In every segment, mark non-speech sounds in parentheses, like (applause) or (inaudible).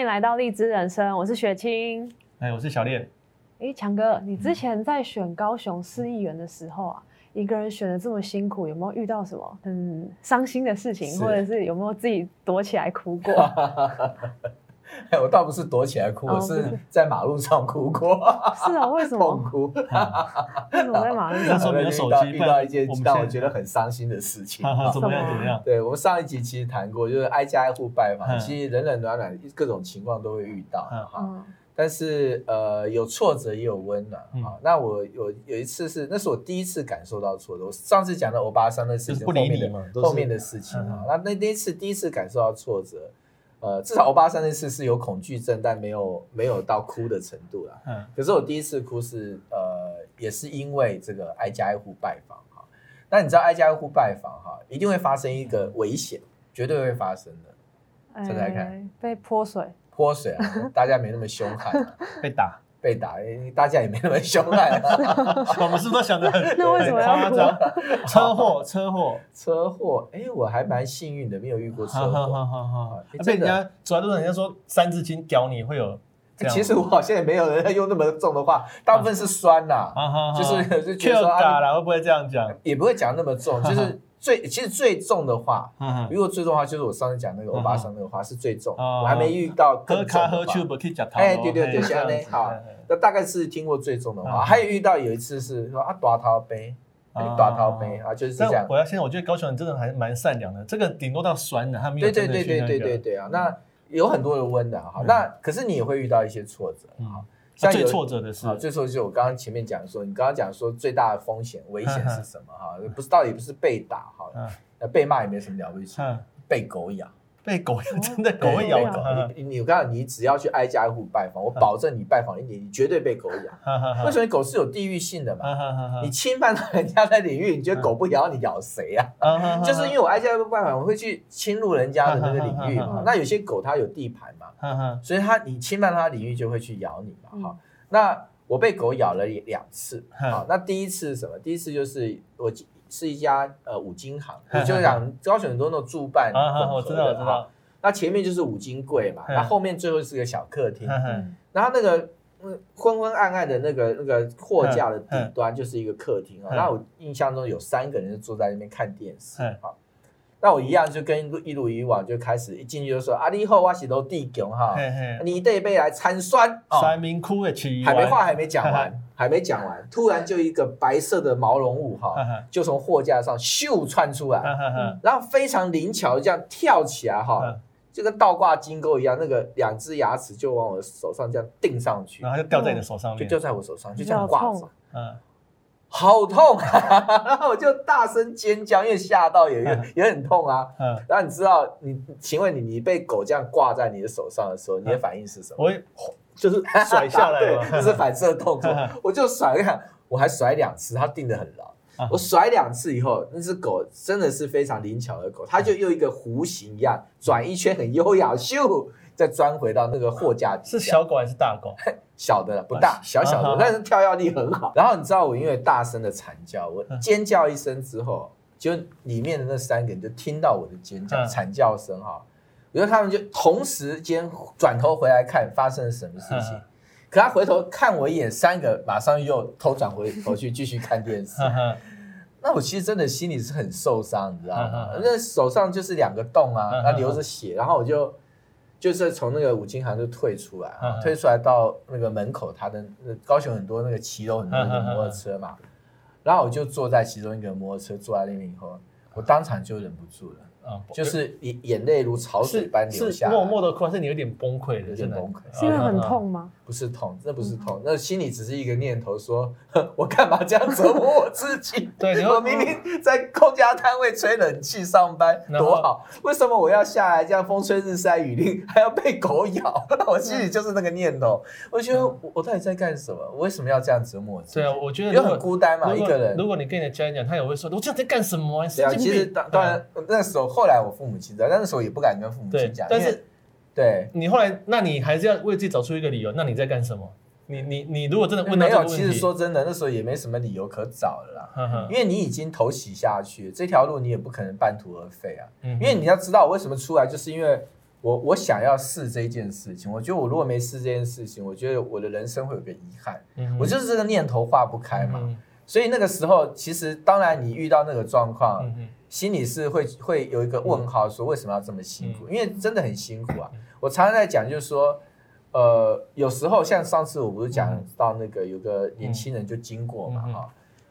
歡迎來到荔枝人生，我是雪清，哎，我是小練，哎，強哥，你之前在選高雄市議員的時候啊，嗯、一個人選的這麼辛苦，有沒有遇到什麼很傷心的事情，是或者是有沒有自己躲起來哭過？ (laughs) (laughs) 我倒不是躲起來哭，我是在馬路上哭過。是啊，為什麼痛哭？為什麼在馬路上？因為遇到遇到一件讓我覺得很傷心的事情。怎麼樣？怎麼樣？對，我們上一集其實談過，就是挨家挨戶拜訪，其實冷冷暖暖各種情況都會遇到。但是呃，有挫折也有溫暖。那我有有一次是，那是我第一次感受到挫折。我上次講的歐巴桑的事情，件不理你嘛，後面的事情啊。那那那次第一次感受到挫折。呃，至少歐巴桑那次是有恐懼症，但沒有沒有到哭的程度啦。嗯、可是我第一次哭是呃，也是因為這個挨家挨戶拜訪哈。但你知道挨家挨戶拜訪哈，一定會發生一個危險，嗯、絕對會發生的。嗯、再猜猜看，欸、被潑水？潑水啊！大家沒那麼兇悍、啊， (laughs) 被打。被打，大家也沒那麼兇悍了。我們是不是都想的很誇張，車禍、 (laughs) 車禍、車禍。哎，我還蠻幸運的，沒有遇過車禍。哈哈哈哈哈！欸、被人家主要都是人家說三字經屌你會有這、欸。其實我好像也沒有人用那麼重的話，大部分是酸哈、啊啊、就是確實打啦，啊啊啊、 (laughs) 會不會這樣講？也不會講那麼重，就是。啊啊最其實最重的話，嗯、哼如果最重的話，就是我上次講那個歐巴桑那個話是最重，嗯嗯哦、我還沒遇到更重的。哎、欸，對對對，現在呢，嗯、好，嗯、那大概是聽過最重的話，嗯、還有遇到有一次是說啊，端桃杯，阿、欸、端桃杯啊，就是這樣。嗯、我要先，現在我覺得高雄人真的還蠻善良的，這個頂多到酸的，他們、那個、對對對對對對對啊，那有很多的溫暖哈，那可是你也會遇到一些挫折、嗯啊、最挫折的是、啊、最挫折就是我剛剛前面講說，你剛剛講說最大的風險危險是什麼、啊、哈？不是到底不是被打哈，那、啊、被罵也沒什麼了不起，啊、被狗咬。被狗咬真的，狗會咬狗。你你我告訴你，只要去挨家挨戶拜訪，我保證你拜訪一年，你絕對被狗咬。為什麼狗是有地域性的嘛？你侵犯到人家的領域，你覺得狗不咬你咬誰啊？就是因為我挨家挨戶拜訪，我會去侵入人家的那個領域嘛。那有些狗它有地盤嘛，所以它你侵犯它領域就會去咬你嘛。哈，那我被狗咬了兩次。好，那第一次是什麼？第一次就是我。是一家呃五金行，呵呵就是講高雄很多那種住辦的那、啊啊啊、前面就是五金櫃嘛，呵然後後面最後是一個小客廳。呵呵然後那個、嗯、昏昏暗暗的那個那個貨架的底端就是一個客廳啊、哦。那呵我印象中有三個人就坐在那邊看電視啊。呵哦那我一樣就跟一如以往就開始一進去就說啊你好，我是羅地兄哈，你得被來參酸哦，酸民苦的去，還沒話還沒講完，還沒講完，突然就一個白色的毛絨物哈，就從貨架上咻竄出來，然後非常靈巧這樣跳起來哈，就跟倒掛金鈎一樣，那個兩只牙齒就往我手上這樣釘上去，然後就掉在你的手上，就掉在我手上，就這樣掛著，嗯。好痛啊！然後我就大聲尖叫，因為嚇到也、嗯、也很痛啊。嗯，然後你知道，你請問你，你被狗這樣掛在你的手上的時候，嗯、你的反應是什麼？我就是甩下來了，對嗯、就是反射動作。嗯、我就甩兩，我還甩兩次，它定得很牢。嗯、我甩兩次以後，那只狗真的是非常靈巧的狗，它就又一個弧形一樣轉一圈，很優雅，咻，再鑽回到那個貨架底下。嗯、是小狗還是大狗？小的不大，小小的，但是跳躍力很好。然後你知道我因為大聲的慘叫，我尖叫一聲之後，就裡面的那三個人就聽到我的尖叫慘叫聲哈，然後他們就同時間轉頭回來看發生了什麼事情，可他回頭看我一眼，三個馬上又頭轉回頭去繼續看電視。那我其實真的心裡是很受傷，你知道嗎？那手上就是兩個洞啊，那流着血，然後我就。就是從那個五金行就退出來，啊，嗯、退出來到那個門口，他的，嗯、高雄很多那個騎樓很多摩托車嘛，嗯嗯嗯，然後我就坐在其中一個摩托車坐在那邊以後，嗯、我當場就忍不住了，嗯、就是眼眼淚如潮水般流下來，默默的哭，還是你有點崩潰的？有點崩潰，心裡很痛嗎？嗯嗯嗯不是痛，那不是痛，那心裡只是一個念頭，說哼，我幹嘛這樣折磨我自己？對，我明明在公家攤位吹冷氣上班多好，為什麼我要下來這樣風吹日曬雨淋，還要被狗咬？我心裡就是那個念頭，我覺得我到底在幹什麼？我為什麼要這樣折磨自己？對啊，我覺得你很孤單嘛，一個人。如果你跟你的家人講，他也會說，我這樣在幹什麼？其實當然那時候，後來我父母親在，那但是時候也不敢跟父母親講，但是。對你後來，那你還是要為自己找出一個理由。那你在幹什麼？你你你，你如果真的問到，沒有。其實說真的，那時候也沒什麼理由可找了啦。呵呵，因為你已經頭洗下去這條路，你也不可能半途而廢啊。嗯、哼因為你要知道，我為什麼出來，就是因為我我想要試這件事情。我覺得我如果沒試這件事情，我覺得我的人生會有個遺憾。嗯、哼我就是這個念頭化不開嘛。嗯、哼所以那個時候，其實當然你遇到那個狀況。嗯心裡是會會有一個問號，說，為什麼要這麼辛苦？嗯、因為真的很辛苦啊！我常常在講，就是說，呃，有時候像上次我不是講到那個有個年輕人就經過嘛哈，嗯嗯嗯、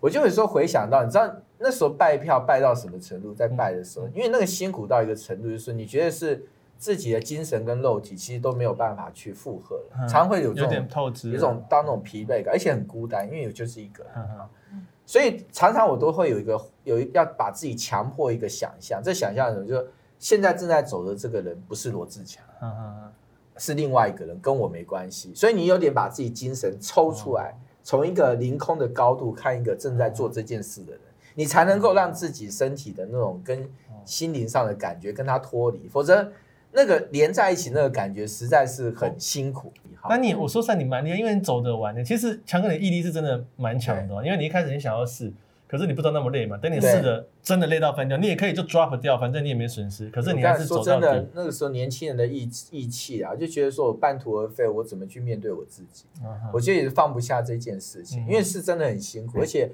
我就會說回想到，你知道那時候拜票拜到什麼程度，在拜的時候，嗯嗯嗯、因為那個辛苦到一個程度，就是你覺得是自己的精神跟肉體其實都沒有辦法去負荷了，嗯、常會有這種有點透支，有種當那種疲憊感，而且很孤單，因為我就是一個人啊。嗯嗯嗯所以常常我都會有一個有一，要把自己強迫一個想象這想象什麼？就是現在正在走的這個人不是羅智強，嗯嗯嗯，是另外一個人，跟我沒關係。所以你有點把自己精神抽出來，從一個凌空的高度看一個正在做這件事的人，你才能夠讓自己身體的那種跟心靈上的感覺跟他脫離，否則那個連在一起那個感覺實在是很辛苦。那你我說算你蠻厲害，因為你走得完的。其實強哥你的毅力是真的蠻強的，對因為你一開始你想要試，可是你不知道那麼累嘛。等你試的真的累到翻掉，對你也可以就 drop 掉，反正你也沒損失。可是你還是走。我說真的那個時候，年輕人的意意氣啊，就覺得說我半途而廢，我怎麼去面對我自己？Uh huh. 我其實也是放不下這件事情，因為是真的很辛苦。Uh huh. 而且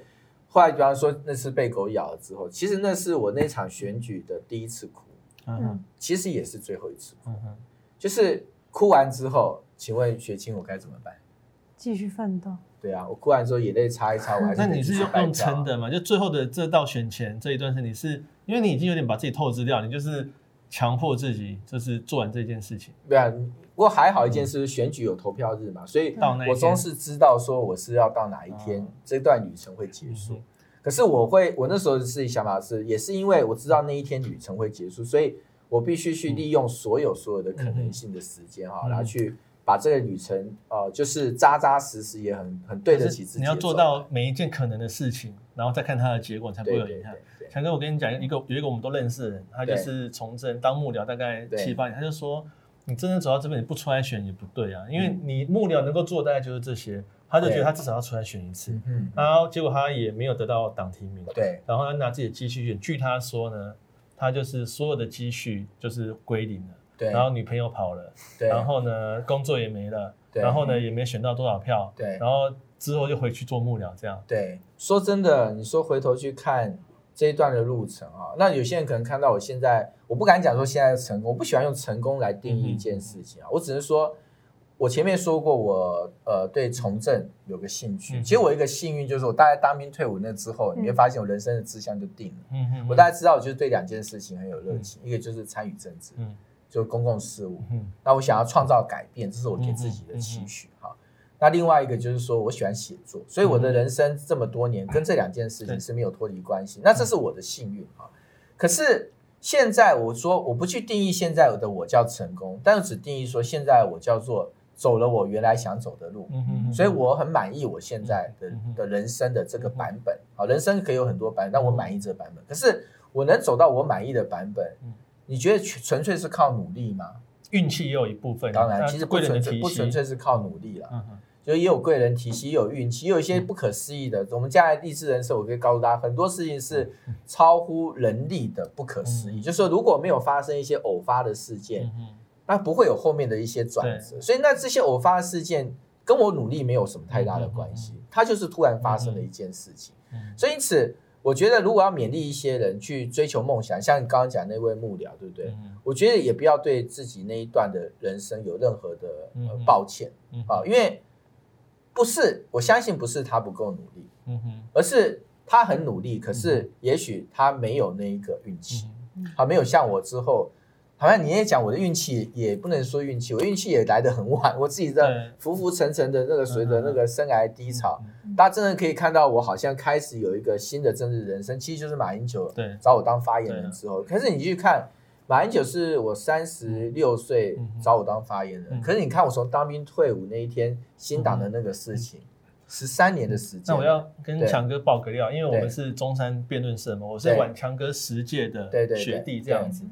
後來比方說那次被狗咬了之後，其實那是我那場選舉的第一次哭，嗯、uh，huh. 其實也是最後一次哭，uh huh. 就是哭完之後。請問雪清，我該怎麼辦？繼續奮鬥。對啊，我哭完之後眼淚擦一擦，我還是。那你是用用撐的嘛？就最後的這道選前這一段時間，你是因為你已經有點把自己透支掉，你就是強迫自己就是做完這件事情。對啊，不過還好一件事，嗯、選舉有投票日嘛，所以到那天我總是知道說我是要到哪一天、嗯、這段旅程會結束。嗯、可是我會，我那時候的自己想法是，也是因為我知道那一天旅程會結束，所以我必須去利用所有所有的可能性的時間哈，嗯嗯、然後去。把這個旅程，呃，就是扎扎實實，也很很對得起自己。你要做到每一件可能的事情，嗯、然後再看它的結果，才不會有遺憾。強哥，我跟你講，一個有一個我們都認識的人，他就是從政對當幕僚大概七八年，對他就說，你真正走到這邊，你不出來選也不對啊，嗯、因為你幕僚能夠做的大概就是這些。他就覺得他至少要出來選一次。對然後結果他也沒有得到黨提名，對、嗯，然後他拿自己的積蓄選。據他說呢，他就是所有的積蓄就是歸零了。然後女朋友跑了，然後呢，工作也沒了，然後呢，也沒選到多少票，然後之後就回去做幕僚，這樣。對，說真的，你說回頭去看這一段的路程啊，那有些人可能看到我現在，我不敢講說現在的成功，我不喜歡用成功來定義一件事情啊，我只是說，我前面說過，我呃對從政有個興趣。其實我一個幸運就是我大概當兵退伍那之後，你會發現我人生的志向就定了。嗯嗯。我大概知道，我就是對兩件事情很有熱情，一個就是參與政治。嗯。就公共事務，嗯、那我想要創造改變，這是我給自己的期許哈、嗯嗯哦。那另外一個就是說我喜歡寫作，所以我的人生這麼多年跟這兩件事情是沒有脫離關係。嗯、那這是我的幸運哈。哦嗯、可是現在我說我不去定義現在我的我叫成功，但只定義說現在我叫做走了我原來想走的路。嗯。嗯嗯所以我很滿意我現在的、嗯嗯嗯嗯，的人生的這個版本。好、哦，嗯、人生可以有很多版本，嗯、但我滿意這個版本。可是我能走到我滿意的版本。嗯你覺得純純粹是靠努力嗎？運氣也有一部分。啊，當然，其實不純粹、啊，貴人體系不純粹是靠努力了，啊，嗯、哼就也有貴人提攜，也有運氣，也有一些不可思議的。嗯、我們家的荔枝人生，我可以告訴大家，很多事情是超乎人力的不可思議。嗯、就是說，如果沒有發生一些偶發的事件，嗯、哼那不會有後面的一些轉折。對所以，那這些偶發的事件跟我努力沒有什麼太大的關係，嗯嗯嗯嗯，它就是突然發生的一件事情。嗯嗯嗯嗯所以，因此。我覺得，如果要勉勵一些人去追求夢想，像你剛剛講那位幕僚，對不對？我覺得也不要對自己那一段的人生有任何的、呃、抱歉啊，因為不是，我相信不是他不夠努力，而是他很努力，可是也許他沒有那一個運氣，他沒有像我之後。好像你也講我的運氣，也不能說運氣，我運氣也來得很晚，我自己在浮浮沉沉的那個隨着那個生涯低潮，嗯嗯、大家真的可以看到我好像開始有一個新的政治人生，其實就是馬英九找我當發言人之後。可是你去看，馬英九是我三十六歲、嗯、找我當發言人，嗯嗯、可是你看我從當兵退伍那一天新黨的那個事情，嗯嗯嗯、十三年的時間。那我要跟強哥爆個料，對因為我們是中山辯論社嘛，對我是晚強哥十屆的學弟這樣子。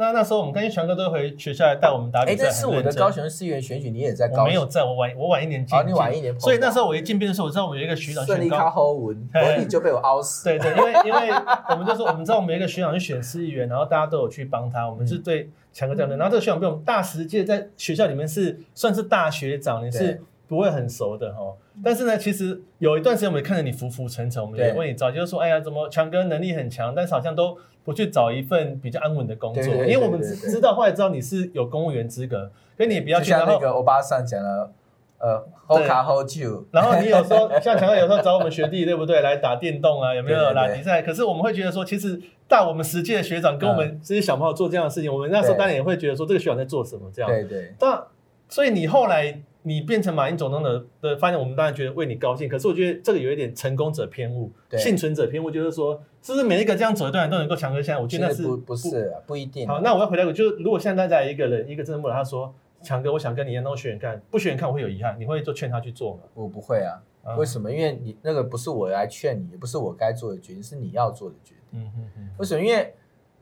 那那時候我們跟強哥都回學校來帶我們打比賽。哎、欸，這是我的高雄市議員選舉，你也在高雄？我沒有在，我晚我晚一年進。好，你晚一年。所以那時候我一進辯的時候，我知道我們有一個學長選高。順利卡文。所、欸、就被我凹死。對，對對，因為因為我們就是說，我們知道我們一個學長去選市議員，然後大家都有去幫他。我們是對強哥這樣的。然後這個學長比我們大十屆在學校裡面是算是大學長，你是。不會很熟的哦，但是呢，其實有一段時間我們也看着你浮浮沉沉，我們也問你找，早就說，哎呀，怎麼強哥能力很強，但是好像都不去找一份比較安穩的工作。因為我們知道，後來知道你是有公務員資格，所以你不要去。就像那個歐巴桑講的，呃，Hold 卡 Hold 住。然後你有時候像強哥有時候找我們學弟，對不對？來打電動啊，有沒有拉比賽？可是我們會覺得說，其實大我們十屆的學長跟我們這些、嗯、小朋友做這樣的事情，我們那時候當然也會覺得說，對這個學長在做什麼這樣。對對。那所以你後來。你變成馬英總統的的，發現我們當然覺得為你高興。可是我覺得這個有一點成功者偏誤，幸對存者偏誤，就是說，是不是每一個這樣走的段人都能夠強哥現在，我覺得那是不，不，不是、啊、不一定。好，那我要回來，我就如果現在在一個人，一個真幕佬他說，強哥，我想跟你一樣，那選看，不選點看我會有遺憾。你會做勸他去做嗎？我不會啊，為什麼？因為你那個不是我來勸你，也不是我該做的決定，是你要做的決定。嗯哼哼。為什麼？因為。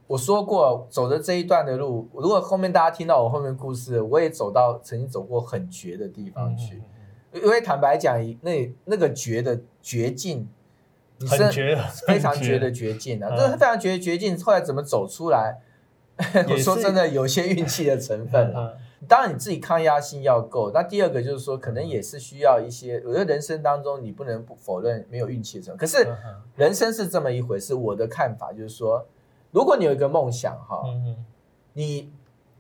我說過，走的這一段的路，如果後面大家聽到我後面故事，我也走到曾經走過很絕的地方去，嗯嗯嗯、因為坦白講，那那個絕的絕境，很絕，非常絕的絕境啊，這非常絕的絕境。嗯、後來怎麼走出來？嗯、 (laughs) 我說真的，有些運氣的成分啊。嗯、當然你自己抗壓性要夠。那第二個就是說，可能也是需要一些。我覺得人生當中，你不能不否認沒有運氣的成分。可是人生是這麼一回事。嗯嗯、是我的看法就是說。如果你有一個夢想，哈、嗯哼，你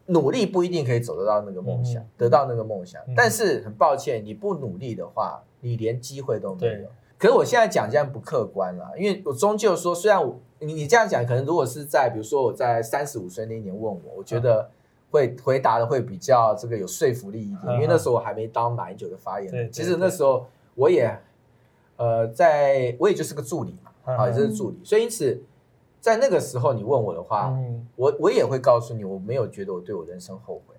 努力不一定可以走得到那個夢想，嗯、哼得到那個夢想。嗯、哼但是很抱歉，你不努力的話，你連機會都沒有。對可是我現在講這樣不客觀了，因為我終究說，雖然我你你這樣講，可能如果是在比如說我在三十五歲那一年問我，我覺得會回答的會比較這個有說服力一點，嗯、哼因為那時候我還沒當馬英九的發言人。對對對，其實那時候我也，呃，在我也就是個助理嘛，啊、嗯哼，也、哦就是助理，所以因此。在那個時候，你問我的話，我我也會告訴你，我沒有覺得我對我人生後悔。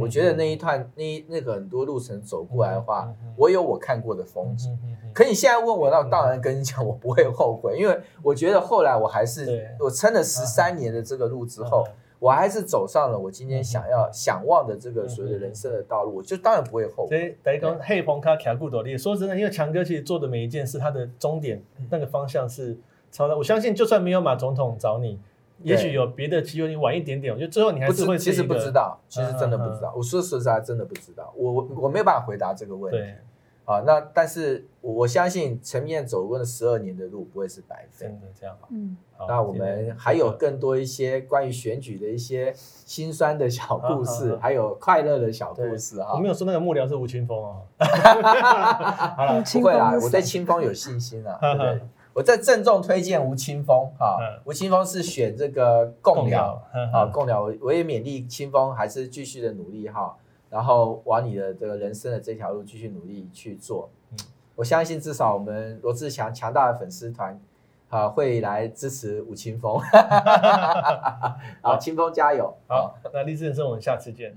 我覺得那一段那那個很多路程走過來的話，我有我看過的風景。可你現在問我，那當然跟你講，我不會後悔，因為我覺得後來我還是我撐了十三年的這個路之後，我還是走上了我今天想要想望的這個所有人生的道路，我就當然不會後悔。等於講，黑風卡卡顧多例，說真的，因為強哥其實做的每一件事，他的終點那個方向是。我相信就算沒有馬總統找你，也許有別的機會，你晚一點點，我覺得最後你還是會。其實不知道，其實真的不知道。我說實在，真的不知道。我我沒有辦法回答這個問題。好，那但是我相信陳燕走過的十二年的路，不會是白費。的這樣。那我們還有更多一些關於選舉的一些辛酸的小故事，還有快樂的小故事啊。我沒有說那個幕僚是吳青峰哦。不會啦，我對清風有信心啊。我再鄭重推薦吳青峰哈，吳青峰是選這個共了啊，共鳥，我也勉勵清風還是繼續的努力哈，然後往你的這個人生的這條路繼續努力去做，嗯、我相信至少我們羅智強，強大的粉絲團，哈、啊、會來支持吳青峰，啊，青峰 (laughs) 好好加油，好，啊、那荔枝人生我們下次見。